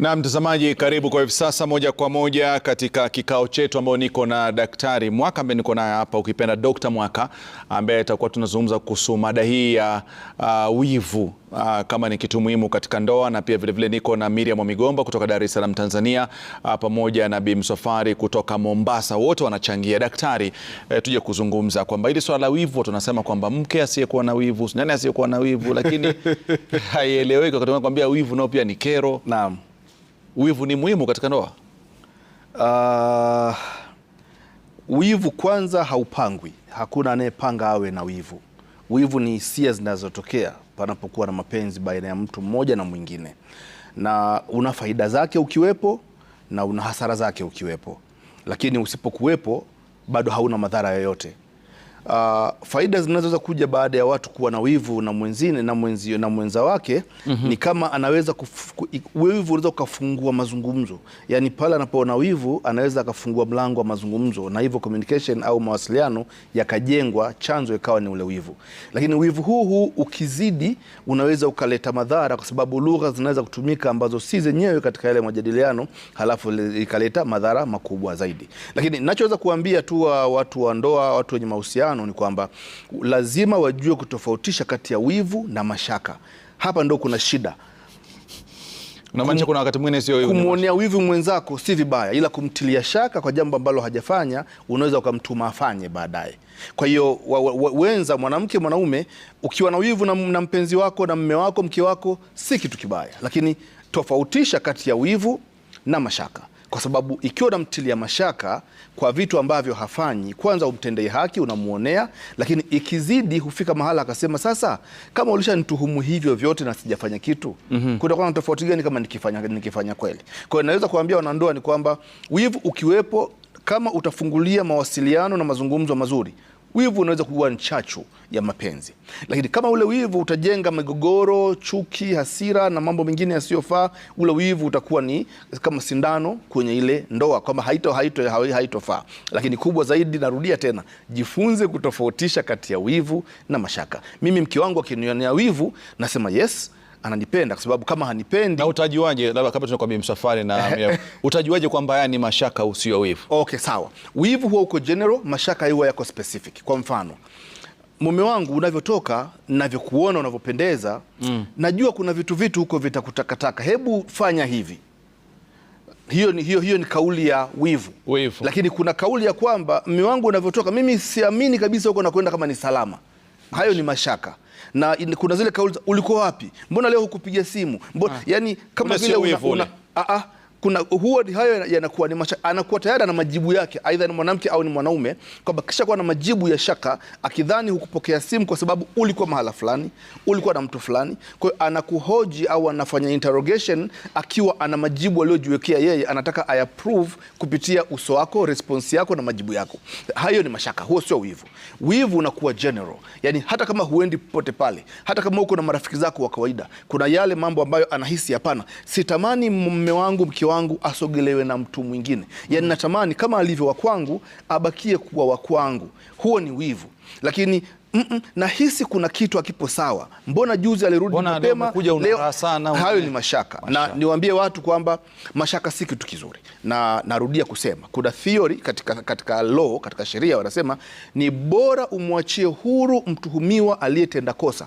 Na mtazamaji, karibu kwa hivi sasa moja kwa moja katika kikao chetu ambao niko na Daktari Mwaka ambaye niko naye hapa, ukipenda Dr. Mwaka, ambaye atakuwa tunazungumza kuhusu mada hii ya uh, wivu uh, kama ni kitu muhimu katika ndoa, na pia vilevile niko na Miriam Migomba kutoka Dar es Salaam Tanzania, uh, pamoja na Bi Msafwari kutoka Mombasa, wote wanachangia. Daktari, eh, tuje kuzungumza kwamba hili swala la wivu, tunasema kwamba mke asiyekuwa na wivu, nani asiyekuwa na wivu, lakini haieleweki wakati mwingine kwambia wivu nao pia ni kero. Naam wivu ni muhimu katika ndoa. Uh, wivu kwanza haupangwi, hakuna anayepanga awe na wivu. Wivu ni hisia zinazotokea panapokuwa na mapenzi baina ya mtu mmoja na mwingine, na una faida zake ukiwepo na una hasara zake ukiwepo, lakini usipokuwepo bado hauna madhara yoyote. Uh, faida zinazoweza kuja baada ya watu kuwa na wivu na mwenzine na mwenzio na mwenza wake mm -hmm. Ni kama anaweza wivu unaweza ukafungua mazungumzo, yaani pale anapoona wivu anaweza akafungua mlango wa mazungumzo, na hivyo communication au mawasiliano yakajengwa, chanzo ikawa ni ule wivu. Lakini wivu huu huu ukizidi unaweza ukaleta madhara, kwa sababu lugha zinaweza kutumika ambazo si zenyewe katika yale majadiliano, halafu ikaleta madhara makubwa zaidi. Lakini nachoweza kuambia tu watu wa ndoa, watu wenye mahusiano tano ni kwamba lazima wajue kutofautisha kati ya wivu na mashaka. Hapa ndo kuna shida. Unamaanisha kuna wakati mwingine sio wivu, kumwonea wivu mwenzako si vibaya, ila kumtilia shaka kwa jambo ambalo hajafanya unaweza ukamtuma afanye baadaye. Kwa hiyo wenza, mwanamke, mwanaume, ukiwa na wivu na, na mpenzi wako na mme wako, mke wako, si kitu kibaya, lakini tofautisha kati ya wivu na mashaka kwa sababu ikiwa unamtilia mashaka kwa vitu ambavyo hafanyi, kwanza umtendee haki, unamuonea, lakini ikizidi hufika mahala akasema, sasa kama ulishanituhumu hivyo vyote na sijafanya kitu mm -hmm. kutakuwa na tofauti gani kama nikifanya, nikifanya kweli? Kwa hiyo naweza kuambia wanandoa ni kwamba wivu ukiwepo, kama utafungulia mawasiliano na mazungumzo mazuri Wivu unaweza kuwa ni chachu ya mapenzi, lakini kama ule wivu utajenga migogoro, chuki, hasira na mambo mengine yasiyofaa, ule wivu utakuwa ni kama sindano kwenye ile ndoa, kwamba haito haito haitofaa. Lakini kubwa zaidi, narudia tena, jifunze kutofautisha kati ya wivu na mashaka. Mimi mke wangu akinionea wivu, nasema yes ananipenda kwa sababu kama hanipendi. Na utajuaje, labda kama tunakwambia msafari na utajuaje kwamba haya ni mashaka usio wivu? Okay, sawa. Wivu huwa uko general, mashaka huwa yako specific. Kwa mfano mume wangu, unavyotoka, navyokuona, unavyopendeza mm. najua kuna vitu vitu huko vitakutakataka, hebu fanya hivi. Hiyo ni, hiyo, hiyo ni kauli ya wivu. Wivu. Lakini kuna kauli ya kwamba mume wangu, unavyotoka, mimi siamini kabisa huko nakwenda kama ni salama. Hayo ni mashaka na in, kuna zile kauli ulikuwa wapi, mbona leo hukupiga simu mbona, ah. yani kama vile una, una, a, a, ah, ah kuna huwa hayo yanakuwa ni anakuwa tayari na majibu yake, aidha ni mwanamke au ni mwanaume, kwamba kisha kuwa na majibu ya shaka, akidhani hukupokea simu kwa sababu ulikuwa mahala fulani, ulikuwa na mtu fulani. Kwa hiyo anakuhoji au anafanya interrogation akiwa ana majibu aliyojiwekea yeye, anataka ayaprove kupitia uso wako, response yako na majibu yako. Hayo ni mashaka, huo sio wivu. Wivu unakuwa general, yani hata kama huendi popote pale, hata kama uko na marafiki zako wa kawaida, kuna yale mambo ambayo anahisi hapana, sitamani mume wangu mkiwa wangu asogelewe na mtu mwingine. Yaani natamani kama alivyo wa kwangu abakie kuwa wa kwangu. Huo ni wivu, lakini Mm -mm, nahisi kuna kitu akipo sawa. Mbona juzi alirudi mapema leo? Sana hayo ni mashaka, mashaka. Na niwaambie watu kwamba mashaka si kitu kizuri, na narudia kusema kuna theory katika, katika law, katika sheria wanasema ni bora umwachie huru mtuhumiwa aliyetenda kosa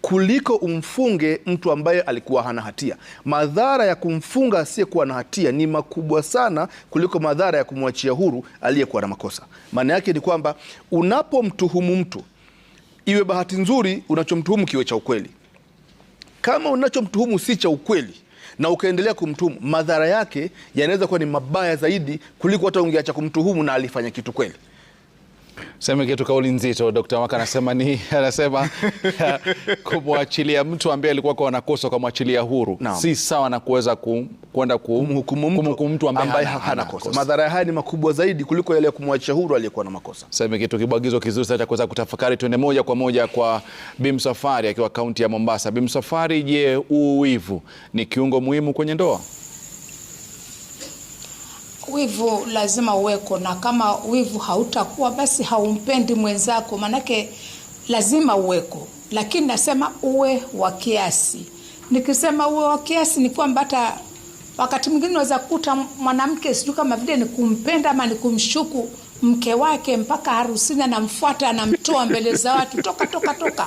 kuliko umfunge mtu ambaye alikuwa hana hatia. Madhara ya kumfunga asiyekuwa na hatia ni makubwa sana kuliko madhara ya kumwachia huru aliyekuwa na makosa. Maana yake ni kwamba unapomtuhumu mtu, iwe bahati nzuri unachomtuhumu kiwe cha ukweli. Kama unachomtuhumu si cha ukweli na ukaendelea kumtuhumu, madhara yake yanaweza kuwa ni mabaya zaidi kuliko hata ungeacha kumtuhumu na alifanya kitu kweli. Sema kitu kauli nzito Dr. Waka anasema ni anasema kumwachilia mtu ambaye alikuwa kwa anakosa mwachilia huru no. si sawa na kuweza kwenda kumhukumu mtu ambaye hana kosa. Madhara haya ni makubwa zaidi kuliko yale ya kumwachia huru aliyekuwa na makosa. Sema kitu kibwagizo kizuri sasa cha kuweza kutafakari. Tuende moja kwa moja kwa Bim Safari akiwa kaunti ya Mombasa. Bim Safari, je, uwivu ni kiungo muhimu kwenye ndoa? wivu lazima uweko, na kama wivu hautakuwa basi haumpendi mwenzako, manake lazima uweko, lakini nasema uwe wa kiasi. Nikisema uwe wa kiasi ni kwamba hata wakati mwingine unaweza kukuta mwanamke sijui kama vile ni kumpenda ama ni kumshuku mke wake mpaka harusini anamfuata anamtoa mbele za watu, toka toka toka,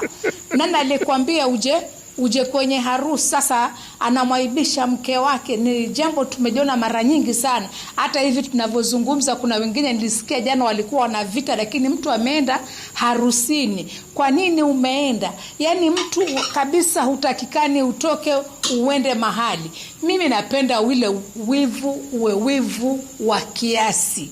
nani alikwambia uje uje kwenye harusi sasa anamwaibisha mke wake, ni jambo tumejiona mara nyingi sana. Hata hivi tunavyozungumza, kuna wengine nilisikia jana walikuwa wana vita, lakini mtu ameenda harusini. Kwa nini umeenda? Yani mtu kabisa hutakikani utoke uende mahali. Mimi napenda wile wivu uwe wivu wa kiasi,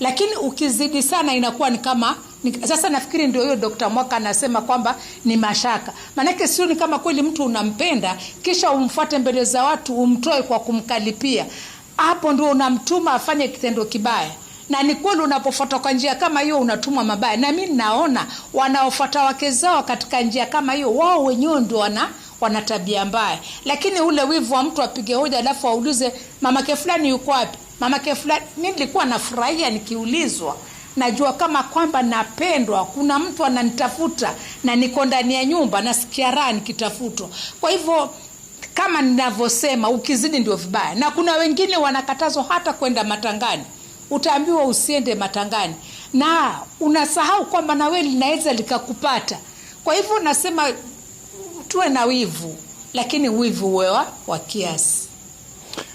lakini ukizidi sana inakuwa ni kama sasa nafikiri ndio hiyo Dokta Mwaka anasema kwamba ni mashaka, maanake sioni kama kweli mtu unampenda kisha umfuate mbele za watu umtoe kwa kumkalipia. Hapo ndio unamtuma afanye kitendo kibaya na ni kweli unapofuata kwa njia kama hiyo unatumwa mabaya. Na mi naona wanaofuata wake zao katika njia kama hiyo, wao wenyewe ndio wana wana tabia mbaya. Lakini ule wivu wa mtu apige hoja alafu aulize mamake fulani yuko wapi, mamake fulani. Mi nilikuwa nafurahia nikiulizwa najua kama kwamba napendwa, kuna mtu ananitafuta na niko ndani ya nyumba, nasikia raha nikitafutwa. Kwa hivyo kama ninavyosema, ukizidi ndio vibaya, na kuna wengine wanakatazwa hata kwenda matangani utaambiwa usiende matangani, na unasahau kwamba na wewe linaweza likakupata. Kwa hivyo nasema tuwe na wivu, lakini wivu wewa wa kiasi.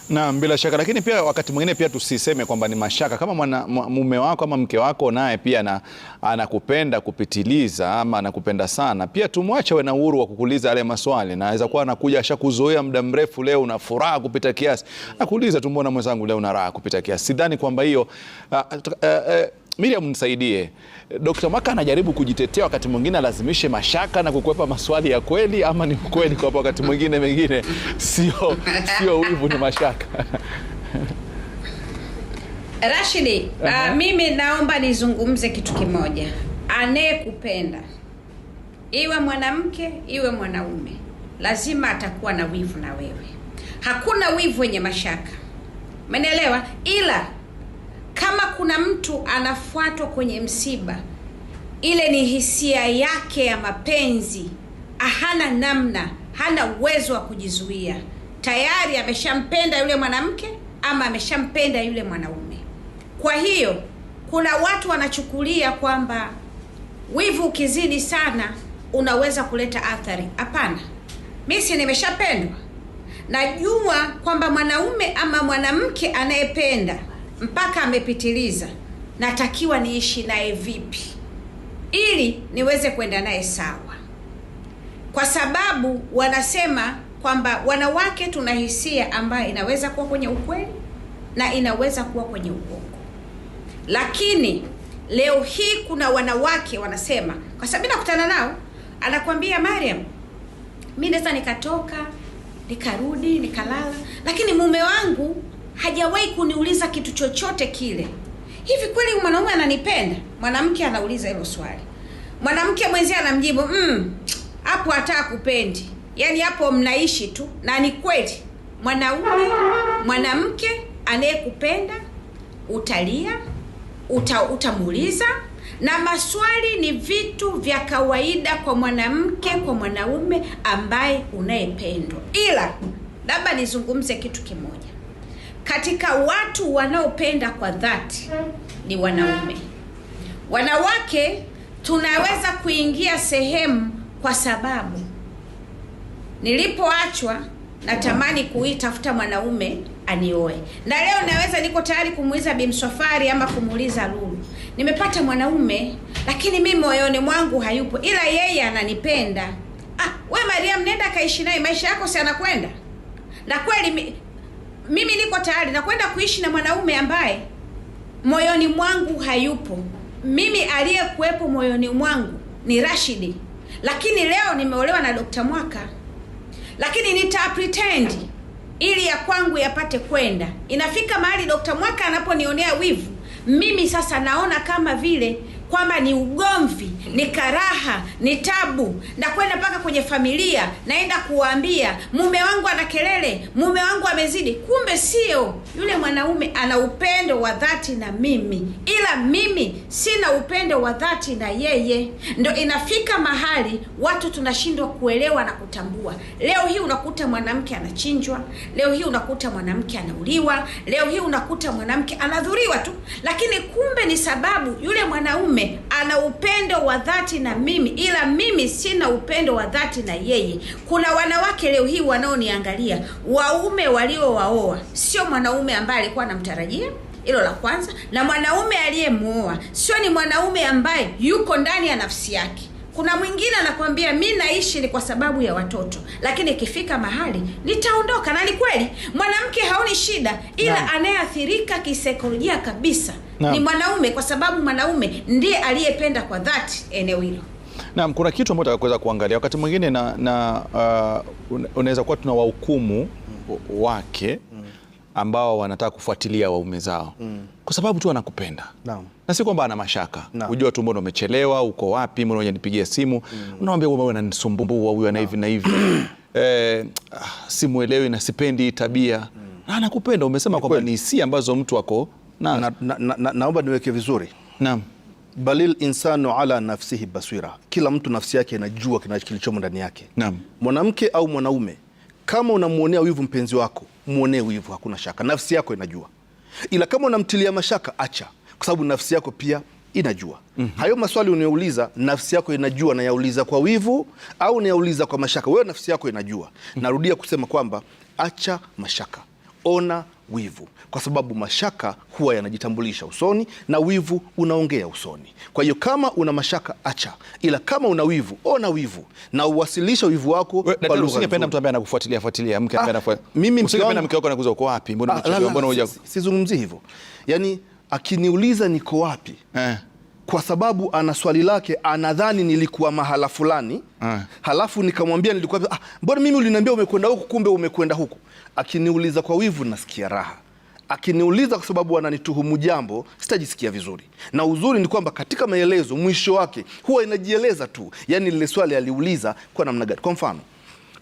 Naam, bila shaka, lakini pia wakati mwingine pia tusiseme kwamba ni mashaka. Kama mwana mume wako ama mke wako naye pia anakupenda kupitiliza ama anakupenda sana, pia tumwache awe na uhuru wa kukuuliza yale maswali. Naweza kuwa anakuja ashakuzoea muda mrefu, leo una furaha kupita kiasi, nakuuliza tu, mbona mwenzangu leo una raha kupita kiasi? Sidhani kwamba hiyo uh, uh, uh, Miriam, nisaidie. Dkt. Mwaka anajaribu kujitetea, wakati mwingine alazimishe mashaka na kukwepa maswali ya kweli, ama ni mkweli kwa wakati mwingine mengine sio sio wivu, ni mashaka? Rashidi, uh ah, -huh. Uh, mimi naomba nizungumze kitu kimoja. Anayekupenda iwe mwanamke iwe mwanaume, lazima atakuwa na wivu na wewe. Hakuna wivu wenye mashaka, umenielewa? Ila kama kuna mtu anafuatwa kwenye msiba, ile ni hisia yake ya mapenzi, hana namna, hana uwezo wa kujizuia. Tayari ameshampenda yule mwanamke ama ameshampenda yule mwanaume. Kwa hiyo kuna watu wanachukulia kwamba wivu ukizidi sana unaweza kuleta athari. Hapana, mimi si nimeshapendwa, najua kwamba mwanaume ama mwanamke anayependa mpaka amepitiliza, natakiwa niishi naye vipi ili niweze kwenda naye sawa, kwa sababu wanasema kwamba wanawake tuna hisia ambayo inaweza kuwa kwenye ukweli na inaweza kuwa kwenye uongo. Lakini leo hii kuna wanawake wanasema, kwa sababu nakutana nao, anakuambia Mariam, mi naweza nikatoka nikarudi nikalala, lakini mume wangu hajawahi kuniuliza kitu chochote kile. Hivi kweli mwanaume ananipenda? Mwanamke anauliza hilo swali, mwanamke mwenzie anamjibu mm, hapo, mm, hata akupendi. Yaani hapo mnaishi tu, na ni kweli. Mwanaume mwanamke anayekupenda utalia, uta, utamuuliza na maswali ni vitu vya kawaida kwa mwanamke, kwa mwanaume ambaye unayependwa. Ila labda nizungumze kitu kimoja katika watu wanaopenda kwa dhati ni wanaume. Wanawake tunaweza kuingia sehemu kwa sababu nilipoachwa natamani kuitafuta mwanaume anioe, na leo naweza niko tayari kumuuliza Bimswafari ama kumuuliza Lulu, nimepata mwanaume lakini mi moyoni mwangu hayupo, ila yeye ananipenda. Ah, we Mariam, nenda kaishi naye maisha yako si anakwenda na kweli mimi niko tayari na kwenda kuishi na mwanaume ambaye moyoni mwangu hayupo. Mimi aliyekuwepo moyoni mwangu ni Rashidi, lakini leo nimeolewa na Dokta Mwaka, lakini nita pretend ili ya kwangu yapate kwenda. Inafika mahali Dokta Mwaka anaponionea wivu, mimi sasa naona kama vile kwamba ni ugomvi, ni karaha, ni tabu, na kwenda mpaka kwenye familia, naenda kuwaambia mume wangu ana kelele, mume wangu amezidi. Kumbe sio yule mwanaume ana upendo wa dhati na mimi, ila mimi sina upendo wa dhati na yeye. Ndo inafika mahali watu tunashindwa kuelewa na kutambua. Leo hii unakuta mwanamke anachinjwa, leo hii unakuta mwanamke anauliwa, leo hii unakuta mwanamke anadhuriwa tu, lakini kumbe ni sababu yule mwanaume mwingine ana upendo wa dhati na mimi, ila mimi sina upendo wa dhati na yeye. Kuna wanawake leo hii wanaoniangalia, waume waliowaoa sio mwanaume ambaye alikuwa anamtarajia hilo la kwanza, na mwanaume aliyemwoa sio ni mwanaume ambaye yuko ndani ya nafsi yake. Kuna mwingine anakwambia mi naishi ni kwa sababu ya watoto, lakini ikifika mahali nitaondoka. Na ni kweli mwanamke haoni shida, ila anayeathirika kisaikolojia kabisa na ni mwanaume, kwa sababu mwanaume ndiye aliyependa kwa dhati eneo hilo. Naam, kuna kitu ambacho tunaweza kuangalia wakati mwingine na, na uh, unaweza kuwa tuna wahukumu wake ambao wanataka kufuatilia waume zao mm. kwa sababu tu anakupenda no. na si kwamba ana mashaka no. Ujua tu mbona umechelewa, uko wapi, mbona nipigie simu mm. wewe unanisumbua huyu ana hivi na hivi eh, ah, simuelewi na sipendi tabia mm. na anakupenda. Umesema kwamba ni hisia ambazo mtu ako na, na, na, na, naomba niweke vizuri naam. Balil insanu ala nafsihi baswira, kila mtu nafsi yake inajua kilichomo ndani yake. Naam. Mwanamke au mwanaume, kama unamwonea wivu mpenzi wako, mwonee wivu, hakuna shaka, nafsi yako inajua, ila kama unamtilia mashaka, acha, kwa sababu nafsi yako pia inajua. mm -hmm. Hayo maswali unayouliza nafsi yako inajua, nayauliza kwa wivu au nayauliza kwa mashaka? Wewe nafsi yako inajua. mm -hmm. Narudia kusema kwamba acha mashaka ona wivu, kwa sababu mashaka huwa yanajitambulisha usoni na wivu unaongea usoni. Kwa hiyo kama una mashaka acha, ila kama una wivu, ona wivu na uwasilisha wivu wako kwa Usingependa mtu ambaye anakufuatilia fuatilia, mke ambaye ah, mimi, mke wako anakuza uko wapi, mbona ah, mbona, sizungumzi hivyo, yani akiniuliza niko wapi eh kwa sababu ana swali lake, anadhani nilikuwa mahala fulani ah. Halafu nikamwambia nilikuwa ah, mbona mimi uliniambia umekwenda huku, kumbe umekwenda huku. Akiniuliza kwa wivu, nasikia raha akiniuliza kwa sababu ananituhumu jambo, sitajisikia vizuri. Na uzuri ni kwamba katika maelezo mwisho wake huwa inajieleza tu, yani lile swali aliuliza kwa namna gani. Kwa mfano,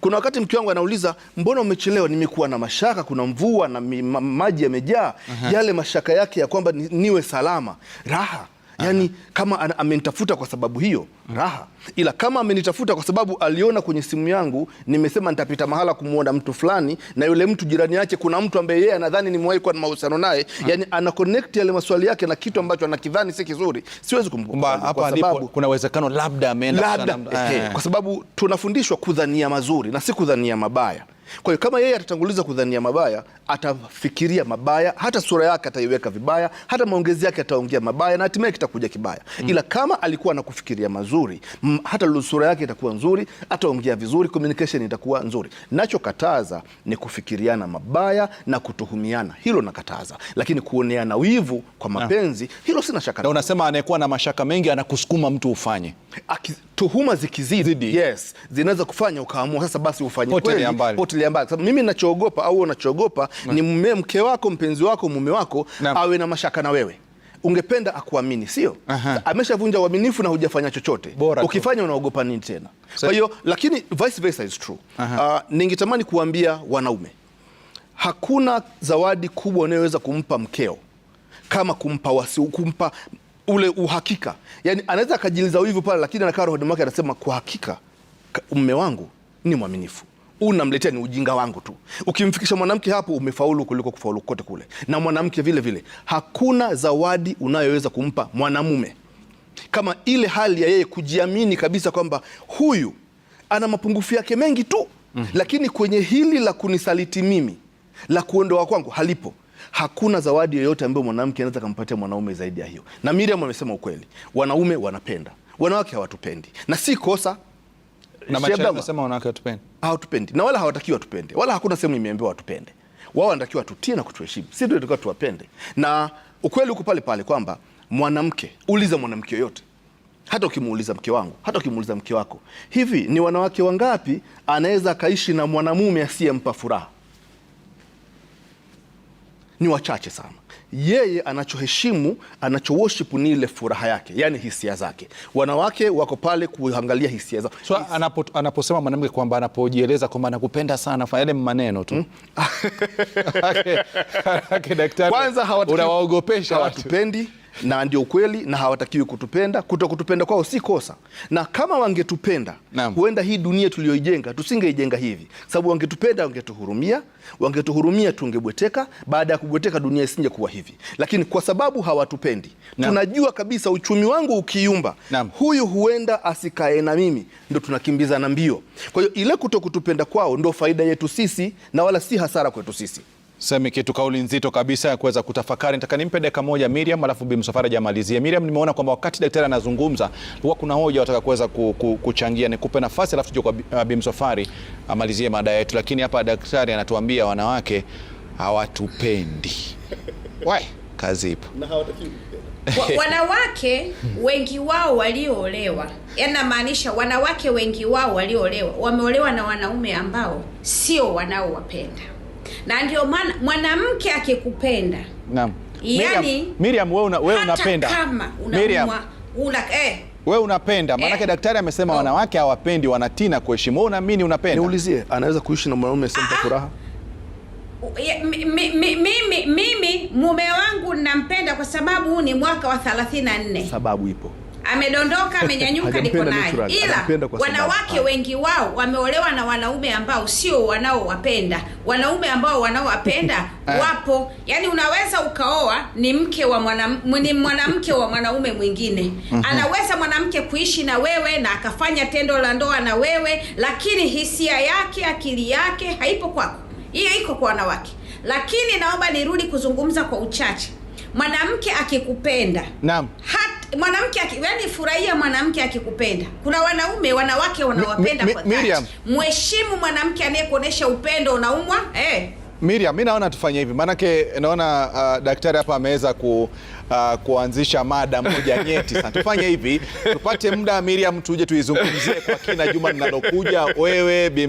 kuna wakati mke wangu anauliza, mbona umechelewa? Nimekuwa na mashaka, kuna mvua na maji yamejaa. uh -huh. Yale mashaka yake ya kwamba niwe salama, raha yani kama amenitafuta kwa sababu hiyo mm. raha, ila kama amenitafuta kwa sababu aliona kwenye simu yangu nimesema nitapita mahala kumwona mtu fulani, na yule mtu jirani yake kuna mtu ambaye yeye anadhani nimewahi kuwa na mahusiano naye mm. yani ana connect yale maswali yake na kitu ambacho anakidhani si kizuri, siwezi kumkumbuka kwa sababu kuna uwezekano labda ameenda labda, eh, eh. Eh. kwa sababu tunafundishwa kudhania mazuri na si kudhania mabaya. Kwa hiyo kama yeye atatanguliza kudhania mabaya, atafikiria mabaya, hata sura yake ataiweka vibaya, hata maongezi yake ataongea mabaya na hatimaye kitakuja kibaya. Mm. Ila kama alikuwa na kufikiria mazuri, hata sura yake itakuwa nzuri, ataongea vizuri, communication itakuwa nzuri. Nachokataza ni kufikiriana mabaya na kutuhumiana, hilo nakataza, lakini kuoneana wivu kwa ah. mapenzi, hilo sina shaka. Na unasema anayekuwa na mashaka mengi anakusukuma mtu ufanye Aki, tuhuma zikizidi, yes, zinaweza kufanya ukaamua sasa basi ufanye kweli, potelea mbali. Sababu mimi ninachoogopa au unachoogopa ni mume, mke wako, mpenzi wako, mume wako na awe na mashaka na wewe ungependa akuamini, sio? Ameshavunja uaminifu na hujafanya chochote. Ukifanya unaogopa nini tena? Kwa hiyo lakini vice versa is true. Uh, ningetamani kuambia wanaume, hakuna zawadi kubwa unayoweza kumpa mkeo kama kumpa wasi, kumpa ule uhakika, yani anaweza akajiuliza hivyo pale, lakini anakaa roho mwake anasema kwa hakika mme wangu ni mwaminifu huu namletea ni ujinga wangu tu. Ukimfikisha mwanamke hapo, umefaulu kuliko kufaulu kote kule. Na mwanamke vile vile, hakuna zawadi unayoweza kumpa mwanamume kama ile hali ya yeye kujiamini kabisa kwamba huyu ana mapungufu yake mengi tu mm -hmm. Lakini kwenye hili la kunisaliti mimi la kuondoa kwangu halipo, Hakuna zawadi yoyote ambayo mwanamke anaweza kumpatia mwanaume zaidi ya hiyo. Na Miriam amesema ukweli, wanaume wanapenda, wanawake hawatupendi, na si kosa hawatupendi na wala hawatakiwa tupende, wala hakuna sehemu imeambiwa watupende. Wao wanatakiwa tutie na kutuheshimu, si tunatakiwa tuwapende. Na ukweli uko pale pale kwamba mwanamke, uliza mwanamke yoyote, hata ukimuuliza mke wangu, hata ukimuuliza mke wako, hivi ni wanawake wangapi anaweza akaishi na mwanamume asiyempa furaha? ni wachache sana. Yeye anachoheshimu worship ni ile furaha yake, yani hisia zake. Wanawake wako pale kuangalia hisia zao. So, anapo, anaposema mwanamke kwamba anapojieleza kwamba anakupenda sana, yale maneno tu hmm? kwanza, hawatupendi na ndio kweli, na hawatakiwi kutupenda. Kuto kutupenda kwao si kosa, na kama wangetupenda huenda hii dunia tuliyoijenga tusingeijenga hivi, sababu wangetupenda, wangetuhurumia, wangetuhurumia tungebweteka, baada ya kubweteka dunia isinge kuwa hivi. Lakini kwa sababu hawatupendi, tunajua kabisa uchumi wangu ukiumba, huyu huenda asikae na mimi, ndo tunakimbiza na mbio. Kwa hiyo ile kuto kutupenda kwao ndo faida yetu sisi na wala si hasara kwetu sisi. Semi kitu kauli nzito kabisa ya kuweza kutafakari. Nataka nimpe dakika moja Miriam, alafu Bi Msafwari jamalizie. Miriam, nimeona kwamba wakati daktari anazungumza huwa kuna hoja wataka kuweza kuchangia, nikupe nafasi alafu tuje kwa Bi uh, Msafwari amalizie mada yetu, lakini hapa daktari anatuambia wanawake hawatupendi. Wae, kazi ipo. Wanawake wengi wao walioolewa, yaani namaanisha wanawake wengi wao walioolewa wameolewa na wanaume ambao sio wanaowapenda na ndio mwanamke akikupenda, naam, yani Miriam, wewe una, wewe unapenda kama unamwa una, eh unapenda maanake, eh, daktari amesema oh, wanawake hawapendi wanatina kuheshimu. we unaamini unapenda? Niulizie, anaweza kuishi na mwanaume asiye ah. furaha? Mimi mume wangu nampenda kwa sababu ni mwaka wa 34. Sababu ipo amedondoka, amenyanyuka, niko naye. Ila wanawake wengi wao wameolewa na wanaume ambao sio wanaowapenda. Wanaume ambao wanaowapenda ah. wapo, yani unaweza ukaoa ni mke wa mwana, ni mwanamke wa mwanaume mwingine. Mhm. Anaweza mwanamke kuishi na wewe na akafanya tendo la ndoa na wewe, lakini hisia yake, akili yake haipo kwako. Hiyo iko kwa wanawake, lakini naomba nirudi kuzungumza kwa uchache. Mwanamke akikupenda, naam mwanamke yani furahia mwanamke akikupenda. Kuna wanaume wanawake wanawapenda mi, mi, kwa dhati. Mheshimu mwanamke anayekuonesha upendo. Unaumwa eh. Miriam, mi naona tufanye hivi, maanake naona uh, daktari hapa ameweza ku, uh, kuanzisha mada moja nyeti sana. Tufanye hivi, tupate muda Miriam, tuje tuizungumzie kwa kina juma linalokuja, wewe Bi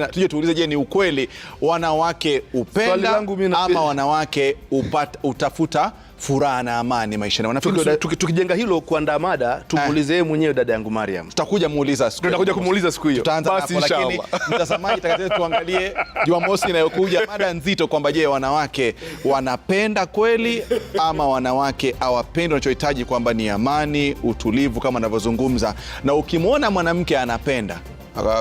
na tuje tuulize, je, ni ukweli wanawake upenda ama wanawake upata, utafuta furaha na amani maishani. tukijenga hilo kuandaa mada, eh. tumuulize yeye mwenyewe dada yangu Mariam. Tutakuja muuliza siku. Tutakuja kumuuliza siku hiyo. Tutaanza hapo lakini mtazamaji, takataa tuangalie Jumamosi inayokuja mada nzito kwamba je, wanawake wanapenda kweli ama wanawake hawapendi? Wanachohitaji kwamba ni amani, utulivu kama anavyozungumza, na ukimwona mwanamke anapenda,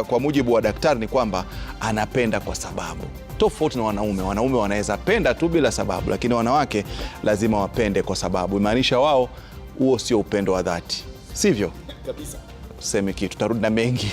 kwa mujibu wa daktari, ni kwamba anapenda kwa sababu tofauti na wanaume. Wanaume wanaweza penda tu bila sababu, lakini wanawake lazima wapende kwa sababu. Imaanisha wao, huo sio upendo wa dhati, sivyo? Kabisa. kitu, tarudi na mengi.